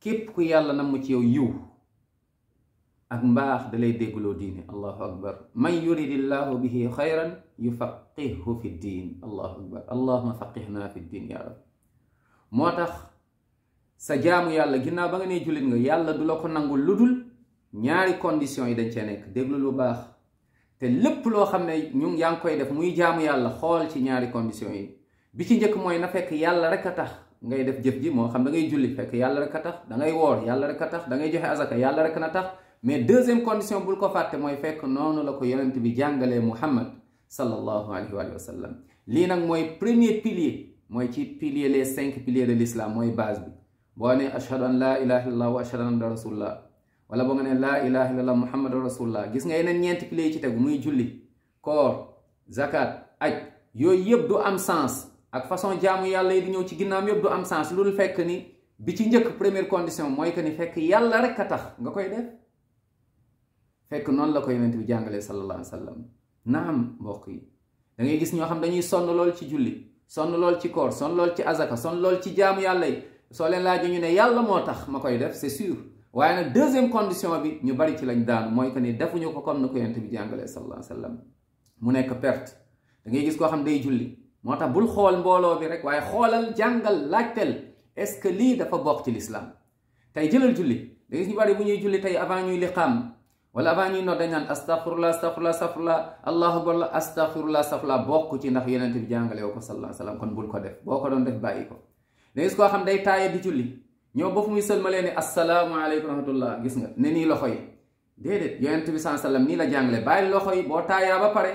képp ku yàlla na mu ci yaw yiw ak mbaax dalay déggloo diine allahu akbar man yuridillahu bihi xayran yufaqihu fi diin allahu akbar allahuma faqihna fi diin ya rab moo tax sa jaamu yàlla ginnaaw ba nga nee jullit nga yàlla du la ko nangul lu dul ñaari condition yi dañ cee nekk déglu lu baax te lépp loo xam ne ñu yaa ngi koy def muy jaamu yàlla xool ci ñaari condition yi bi ci njëkk mooy na fekk yàlla rek a tax ngay def jëf ji moo xam da ngay julli fekk yàlla rek a tax da ngay woor yàlla rek a tax da ngay joxe azaka yàlla rek na tax mais deuxième condition bul ko fàtte mooy fekk noonu la ko yonent bi jàngalee Muhammad sallallahu alayhi wa sallam lii nag mooy premier pilier mooy ci pilier les cinq piliers de l'islam mooy base bi boo ne ashhadu an laa ilaha illallah wa ashhadu anna rasulullah wala boo nga ne laa ilaha illallah muhammadu rasulullah gis nga yeneen ñeenti pilier yi ci muy julli koor zakat yëpp du am sens ak façon jaamu yàlla yi di ñëw ci ginnaam yëpp du am sens loolu fekk ni bi ci njëkk première condition mooy que ni fekk yàlla rek a tax nga koy def fekk noonu la ko yonent bi jàngalee sallallahu alayhi wa sallam naam mbokk yi da ngay gis ñoo xam dañuy sonn lool ci julli sonn lool ci koor sonn lool ci azaka sonn lool ci jaamu yàlla yi soo leen laajee ñu ne yàlla moo tax ma koy def c'est sûr waaye nag deuxième condition bi ñu bari ci lañ daanu mooy que ni defuñu ko kon na ko yonent bi jàngalee sallallahu alayhi wa mu nekk perte dangay gis koo xam day julli. moo tax bul xool mbooloo bi rek waaye xoolal jàngal laajteel est-ce que lii dafa bokk ci lislaam tey jëlal julli da gis ñu bu ñuy julli tey avant ñuy liqaam wala avant ñuy nodd dañ naan astaghfirullah astaghfirullah astaghfirullah allahu akbar astaghfirullah astaghfirullah bokk ci ndax yonent bi jàngale woo ko sallallahu alayhi wa sallam kon bul ko def boo ko doon def bàyyi ko da gis koo xam day taaye di julli ñoo ba fu muy sëlmalee ne asalaamaaleykum rahmatullah gis nga ne nii loxo yi déedéet yonent bi sallallahu alayhi nii la jàngale bàyyi loxo yi boo taayaa ba pare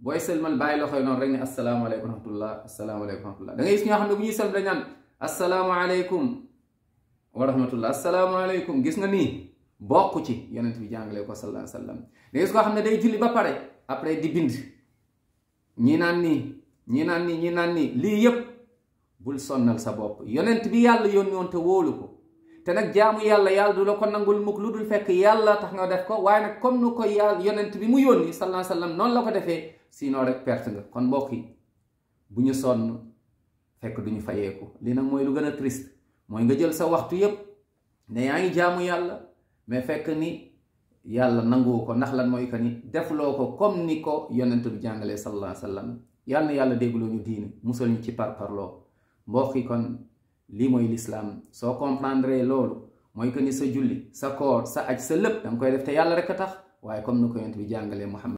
booy selmal bàyyi loxo yi noonu rek ne asalaamaaleykum wa rahmatullah asalaamaaleykum wa rahmatullah da ngay gis ñoo xam ne bu ñuy selmal dañu naan asalaamaaleykum wa rahmatullah gis nga ni bokk ci yonent bi jàngale ko sallallahu alayhi wa sallam day julli ba pare après di bind ñii naan nii ñii naan nii lii yépp bul sonnal sa bopp yonent bi yàlla yónni woon te wóolu ko te nag jaamu yàlla yàlla du la ko nangul mukk lu dul fekk yàlla tax nga def ko waaye nag comme nu ko yàlla yonent bi mu yónni sallallahu alayhi wa noonu la ko defee sinon rek perte nga kon mbokk yi bu ñu sonn fekk duñu fayeeku li nag mooy lu gën a triste mooy nga jël sa waxtu yépp ne yaa ngi jaamu yàlla mais fekk ni yàlla nangu ko ndax lan mooy que ni defloo ko comme ni ko yonent bi jàngalee sallallahu alayhi wa sallam yàlla na yàlla déggloo ñu diine musal ñu ci parparloo mbokk lii mooy lislaam soo comprendre loolu mooy que ni sa julli sa koor sa aj sa lépp danga koy def te yàlla rek a tax waaye comme ni ko yonent bi jàngalee Muhammad